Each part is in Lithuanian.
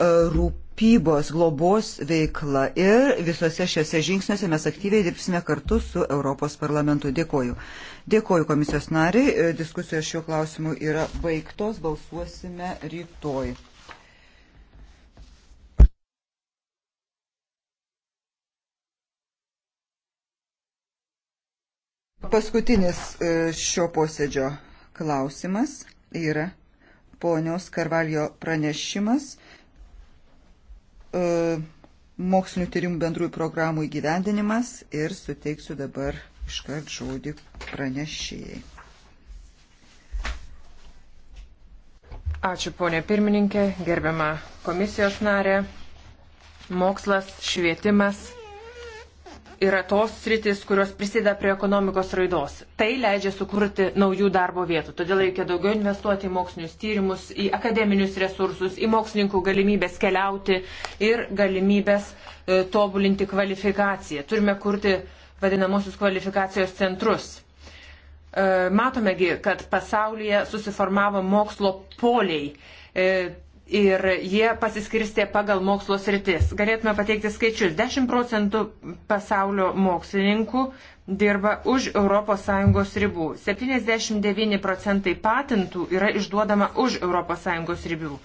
rūpybos globos veikla ir visose šiuose žingsniuose mes aktyviai dirbsime kartu su Europos parlamentu. Dėkoju. Dėkoju komisijos nariai. E, diskusijos šiuo klausimu yra baigtos. Balsuosime rytoj. Paskutinis e, šio posėdžio klausimas yra ponios Karvalio pranešimas. E, mokslinių tyrimų bendrųjų programų įgyvendinimas ir suteiksiu dabar iškart žodį pranešėjai. Ačiū ponė pirmininkė, gerbiama komisijos narė. Mokslas, švietimas yra tos sritis, kurios prisideda prie ekonomikos raidos. Tai leidžia sukurti naujų darbo vietų. Todėl reikia daugiau investuoti į mokslinius tyrimus, į akademinius resursus, į mokslininkų galimybės keliauti ir galimybės e, tobulinti kvalifikaciją. Turime kurti vadinamosius kvalifikacijos centrus. E, matomegi, kad pasaulyje susiformavo mokslo poliai. E, ir jie pasiskirstė pagal mokslo sritis. Galėtume pateikti skaičius. 10 procentų pasaulio mokslininkų dirba už ES ribų. 79 procentai patentų yra išduodama už ES ribų.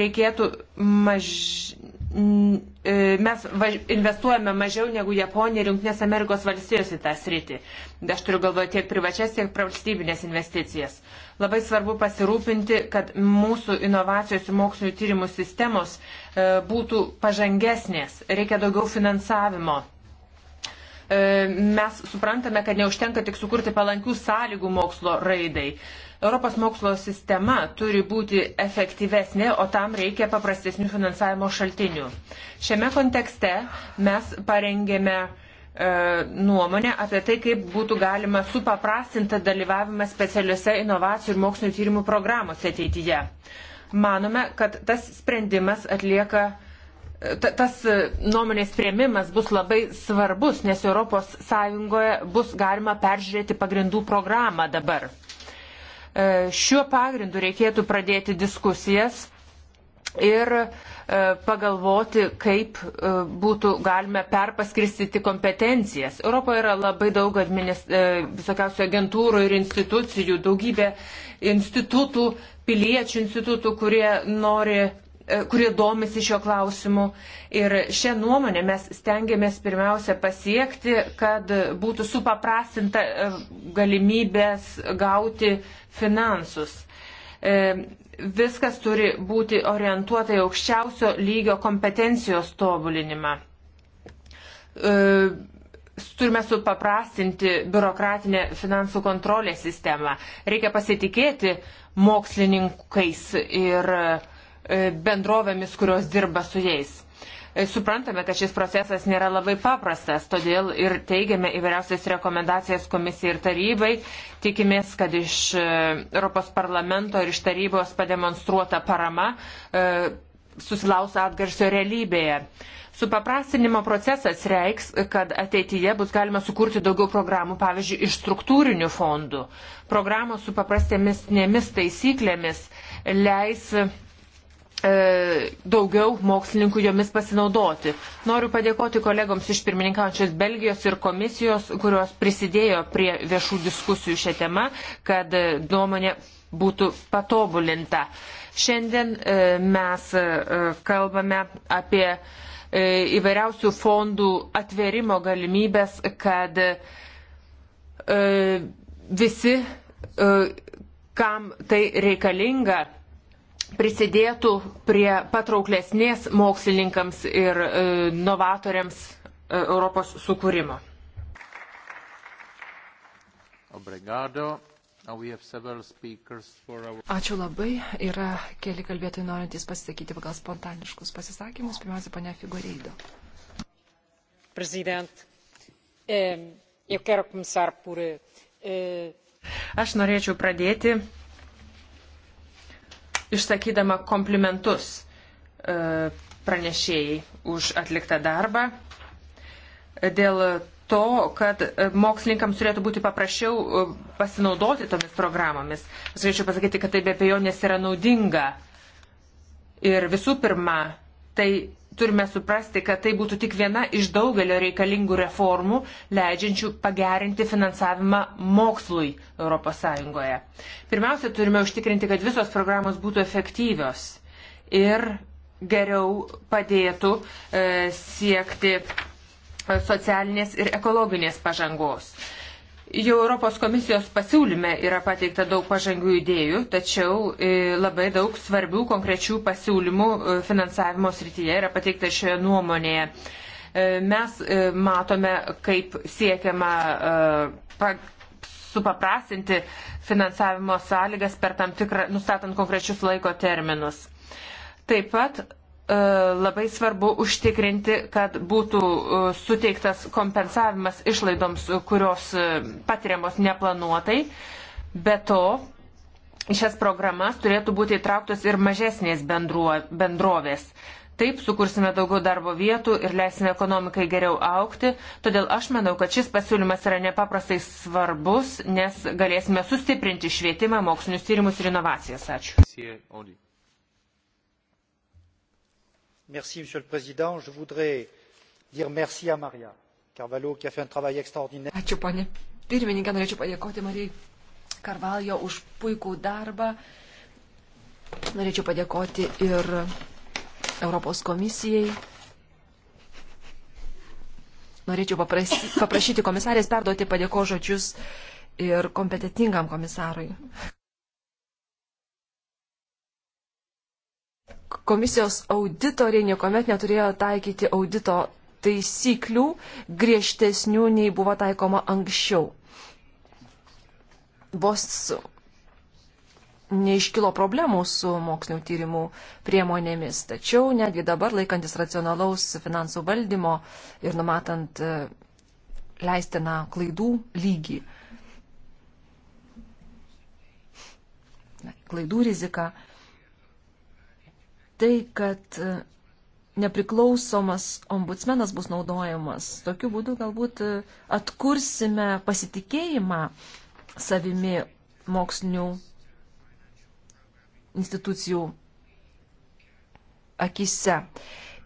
Reikėtų maž... E, mes investuojame mažiau negu Japonija ir Junktinės Amerikos valstijos į tą sritį. Aš turiu galvoje tiek privačias, tiek valstybinės investicijas. Labai svarbu pasirūpinti, kad mūsų inovacijos ir mokslinio tyrimų sistemos e, būtų pažangesnės. Reikia daugiau finansavimo E, mes suprantame, kad neužtenka tik sukurti palankių sąlygų mokslo raidai. Europos mokslo sistema turi būti efektyvesnė, o tam reikia paprastesnių finansavimo šaltinių. Šiame kontekste mes parengėme e, nuomonę apie tai, kaip būtų galima supaprastinti dalyvavimą specialiuose inovacijų ir mokslinio tyrimų programuose ateityje. Manome, kad tas sprendimas atlieka tas e, nuomonės prieimimas bus labai svarbus, nes ES bus galima peržiūrėti pagrindų programą dabar. E, šiuo pagrindu reikėtų pradėti diskusijas ir e, pagalvoti, kaip būtų galime perpaskirstyti kompetencijas. Europoje yra labai daug administ... visokiausių agentūrų ir institucijų, daugybė institutų, piliečių institutų, kurie nori E, kurie domisi šio klausimu. Ir šią nuomonę mes stengiamės pirmiausia pasiekti, kad būtų supaprastinta e, galimybės gauti finansus. E, viskas turi būti orientuota į aukščiausio lygio kompetencijos tobulinimą. Turime supaprastinti biurokratinę finansų kontrolės sistemą. Reikia pasitikėti mokslininkais ir uh, E, bendrovėmis, kurios dirba su jais. E, suprantame, kad šis procesas nėra labai paprastas, todėl ir teigiame įvairiausias rekomendacijas komisijai ir tarybai. Tikimės, kad iš e, Europos parlamento ir iš tarybos pademonstruota parama susilaus atgarsio realybėje. Supaprastinimo procesas reiks, kad ateityje bus galima sukurti daugiau programų, pavyzdžiui, iš struktūrinių fondų. Programos su paprastėmis taisyklėmis leis E, daugiau mokslininkų jomis pasinaudoti. Noriu padėkoti kolegoms iš pirmininkaujančios Belgijos ir komisijos, kurios prisidėjo prie viešų diskusijų šią temą, kad e, nuomonė būtų patobulinta. Šiandien e, mes kalbame apie įvairiausių fondų atverimo galimybės, kad visi, kam tai reikalinga, prisidėtų prie patrauklesnės mokslininkams ir e, novatoriams e, Europos sukūrimo. Ačiū labai. Yra keli kalbėtojai norintys pasisakyti pagal spontaniškus pasisakymus. Pirmiausia, ponia Figureido. Eh, Aš norėčiau pradėti išsakydama komplimentus e, pranešėjai už atliktą darbą. Dėl to, kad mokslininkams turėtų būti paprasčiau e, pasinaudoti tomis programomis. Aš galėčiau pasakyti, kad tai be abejonės yra naudinga. Ir visų pirma, tai turime suprasti, kad tai būtų tik viena iš daugelio reikalingų reformų, leidžiančių pagerinti finansavimą mokslui ES. Pirmiausia, turime užtikrinti, kad visos programos būtų efektyvios ir geriau padėtų e, siekti e, socialinės ir ekologinės pažangos. E, Jau Europos komisijos pasiūlyme yra pateikta daug pažangių idėjų, tačiau e, labai daug svarbių konkrečių pasiūlymų e, finansavimo srityje yra pateikta šioje nuomonėje. E, mes matome, kaip siekiama supaprastinti finansavimo sąlygas per tam tikrą, nustatant konkrečius laiko terminus. Taip pat E, labai svarbu užtikrinti, kad būtų e, suteiktas kompensavimas išlaidoms, kurios e, patiriamos neplanuotai. Be to, į šias programas turėtų būti įtrauktos ir mažesnės bendruo, bendrovės. Taip sukursime daugiau darbo vietų ir leisime ekonomikai geriau aukti, todėl aš manau, kad šis pasiūlymas yra nepaprastai svarbus, nes galėsime sustiprinti švietimą, mokslinius tyrimus ir inovacijas. Ačiū monsieur le président je voudrais dire merci à maria carvalho qui a fait un travail extraordinaire. ačiū pone pirmininke norėčiau padėkoti marijai carvalho už puikų darbą norėčiau padėkoti ir europos komisijai norėčiau paprasy, paprašyti komisarės perduoti padėko žodžius ir kompetitingam komisarui komisijos auditoriai niekuomet neturėjo taikyti audito taisyklių griežtesnių nei buvo taikoma anksčiau. Vos neiškilo problemų su mokslinio tyrimų priemonėmis, tačiau netgi dabar laikantis racionalaus finansų valdymo ir numatant e, leistiną klaidų lygį, klaidų riziką, tai, kad e, nepriklausomas ombudsmenas bus naudojamas. Tokiu būdu galbūt e, atkursime pasitikėjimą savimi mokslinių institucijų akise.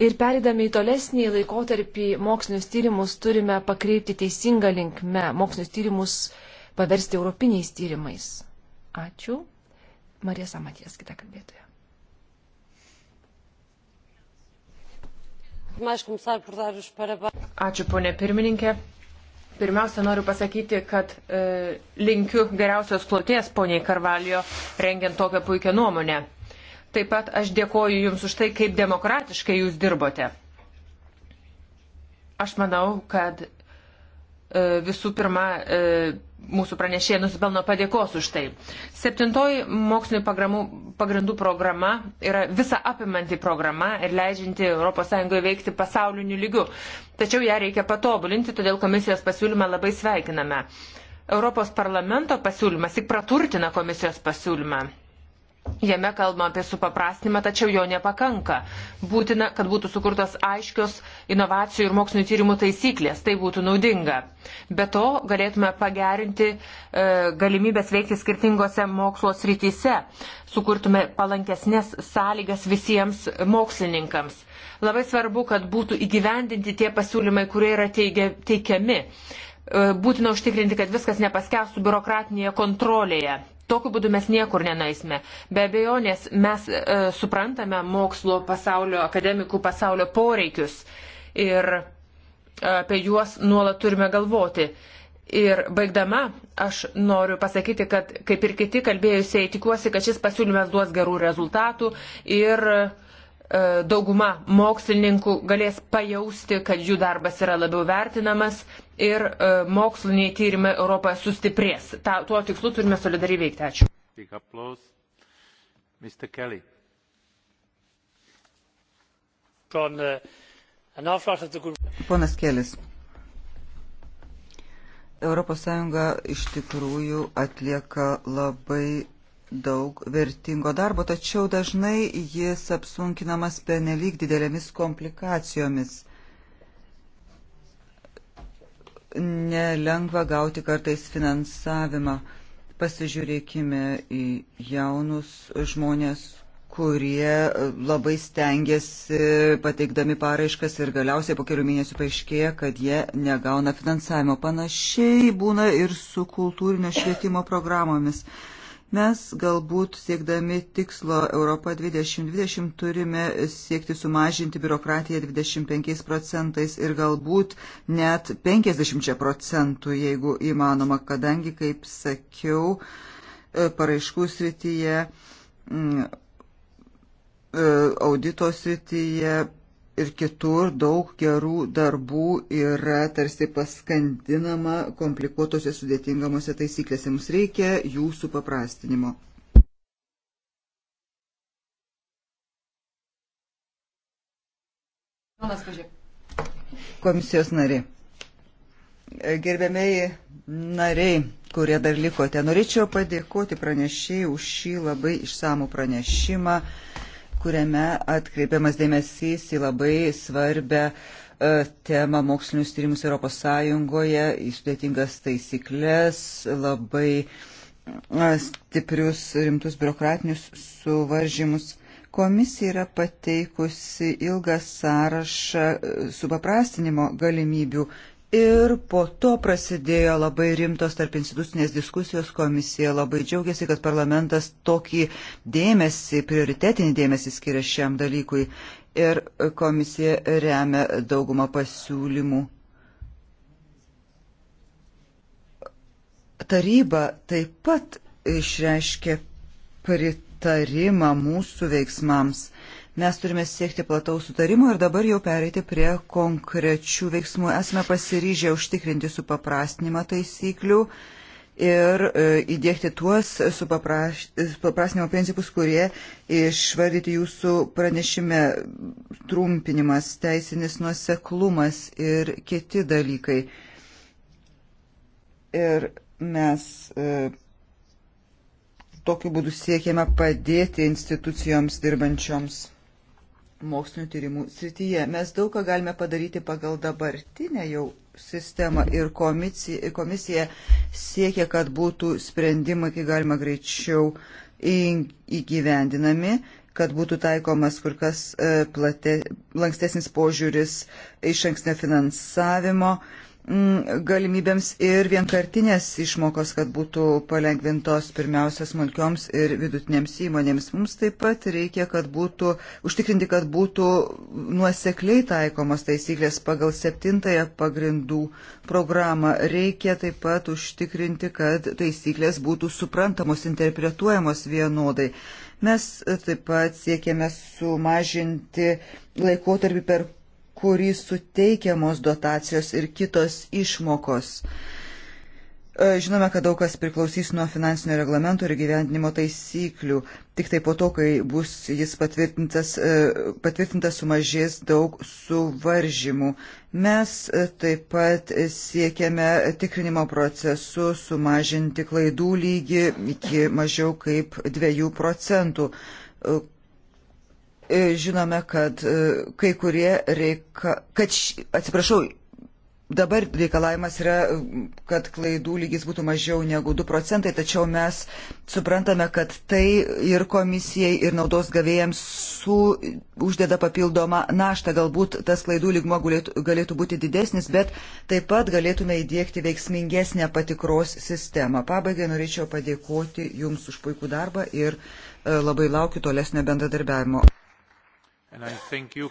Ir perėdami į tolesnį laikotarpį mokslinius tyrimus turime pakreipti teisingą linkmę, mokslinius tyrimus paversti europiniais tyrimais. Ačiū. Marija Samaties, kita kalbėtoja. Ačiū, ponė pirmininkė. Pirmiausia, noriu pasakyti, kad e, linkiu geriausios kloties poniai Karvalijo rengiant tokią puikią nuomonę. Taip pat aš dėkoju Jums už tai, kaip demokratiškai Jūs dirbote. Aš manau, kad E, visų pirma e, mūsų pranešėjai nusipelno padėkos už tai. Septintoji mokslinio pagramų, pagrindų programa yra visa apimanti programa ir leidžianti ES veikti pasauliniu lygiu. Tačiau ją reikia patobulinti, todėl komisijos pasiūlymą labai sveikiname. Europos parlamento pasiūlymas tik praturtina komisijos pasiūlymą. Jame kalbama apie supaprastinimą, tačiau jo nepakanka. Būtina, kad būtų sukurtos aiškios inovacijų ir mokslinio tyrimų taisyklės. Tai būtų naudinga. Be to, galėtume pagerinti e, galimybės veikti skirtingose mokslo srityse. Sukurtume palankesnės sąlygas visiems mokslininkams. Labai svarbu, kad būtų įgyvendinti tie pasiūlymai, kurie yra teigia, teikiami e, būtina užtikrinti, kad viskas nepaskęstų biurokratinėje kontrolėje. Tokiu būdu mes niekur nenaisime. Be abejonės mes e, suprantame mokslo pasaulio, akademikų pasaulio poreikius ir e, apie juos nuolat turime galvoti. Ir baigdama, aš noriu pasakyti, kad kaip ir kiti kalbėjusiai, tikiuosi, kad šis pasiūlymas duos gerų rezultatų ir uh, E, dauguma mokslininkų galės pajausti, kad jų darbas yra labiau vertinamas ir e, moksliniai tyrimai Europoje sustiprės. Ta, tuo tikslu turime solidariai veikti. Ačiū. Mr. Kelly. Uh, Ponas Kelis. ES iš tikrųjų atlieka labai daug vertingo darbo, tačiau dažnai jis apsunkinamas pernelyg didelėmis komplikacijomis. Nelengva gauti kartais finansavimą. Pasižiūrėkime į jaunus žmonės, kurie labai stengiasi pateikdami paraiškas ir galiausiai po kelių mėnesių paaiškėja, kad jie negauna finansavimo. Panašiai būna ir su kultūrinio švietimo programomis. Mes galbūt siekdami tikslo Europą 2020 turime siekti sumažinti biurokratiją 25 procentais ir galbūt net 50 procentų, jeigu įmanoma, kadangi, kaip sakiau, e, paraiškų srityje, e, audito srityje ir kitur daug gerų darbų yra tarsi paskandinama komplikuotose sudėtingamose taisyklėse. Mums reikia jūsų paprastinimo. Komisijos nariai. Gerbėmėjai nariai, kurie dar likote, norėčiau padėkoti pranešėjai už šį labai išsamų pranešimą kuriame atkreipiamas dėmesys į labai svarbę e, temą mokslinius tyrimus Europos Sąjungoje, į sudėtingas taisyklės, labai e, stiprius rimtus biurokratinius suvaržymus. Komisija yra pateikusi ilgą sąrašą e, supaprastinimo galimybių Ir po to prasidėjo labai rimtos tarp institucinės diskusijos komisija. Labai džiaugiasi, kad parlamentas tokį dėmesį, prioritetinį dėmesį skiria šiam dalykui. Ir komisija remia daugumą pasiūlymų. Taryba taip pat išreiškė prit pritarimą mūsų veiksmams. Mes turime siekti plataus sutarimo ir dabar jau pereiti prie konkrečių veiksmų. Esame pasiryžę užtikrinti supaprastinimą taisyklių ir e, įdėkti tuos supaprastinimo principus, kurie išvardyti jūsų pranešime trumpinimas, teisinis nuoseklumas ir kiti dalykai. Ir mes e, tokiu būdu siekiame padėti institucijoms dirbančioms mokslinio tyrimų srityje. Mes daug ką galime padaryti pagal dabartinę jau sistemą ir komisija, komisija siekia, kad būtų sprendimai, kai galima greičiau įgyvendinami, kad būtų taikomas kur kas e, plate, lankstesnis požiūris iš ankstinio finansavimo. E, Mm, galimybėms ir vienkartinės išmokos, kad būtų palengvintos pirmiausia smulkioms ir vidutinėms įmonėms. Mums taip pat reikia, kad būtų užtikrinti, kad būtų nuosekliai taikomos taisyklės pagal septintąją pagrindų programą. Reikia taip pat užtikrinti, kad taisyklės būtų suprantamos, interpretuojamos vienodai. Mes taip pat siekiame sumažinti laikotarpį, per kurį suteikiamos dotacijos ir kitos išmokos. E, žinome, kad daug kas priklausys nuo finansinio reglamento ir gyvendinimo taisyklių. Tik tai po to, kai bus jis patvirtintas, e, patvirtintas sumažės daug suvaržymų. Mes e, taip pat siekiame tikrinimo procesu sumažinti klaidų lygį iki mažiau kaip 2 procentų E, žinome, kad e, kai kurie reika, kad, š... atsiprašau, dabar reikalavimas yra, kad klaidų lygis būtų mažiau negu 2 procentai, tačiau mes suprantame, kad tai ir komisijai, ir naudos gavėjams su, uždeda papildomą naštą. Galbūt tas klaidų lygmo galėtų, galėtų būti didesnis, bet taip pat galėtume įdėkti veiksmingesnę patikros sistemą. Pabaigai norėčiau padėkoti Jums už puikų darbą ir e, labai laukiu tolesnio bendradarbiavimo. You,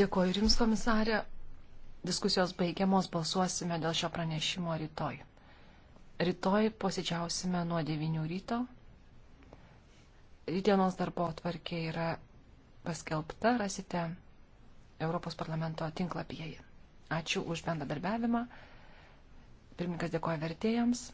Dėkuoju ir Jums, komisarė. Diskusijos baigiamos balsuosime dėl šio pranešimo rytoj. Rytoj posėdžiausime nuo 9 ryto. Rydienos darbo atvarkė yra paskelbta, rasite Europos parlamento tinklapyje. Ačiū už bendradarbiavimą. Pirmininkas dėkoja vertėjams.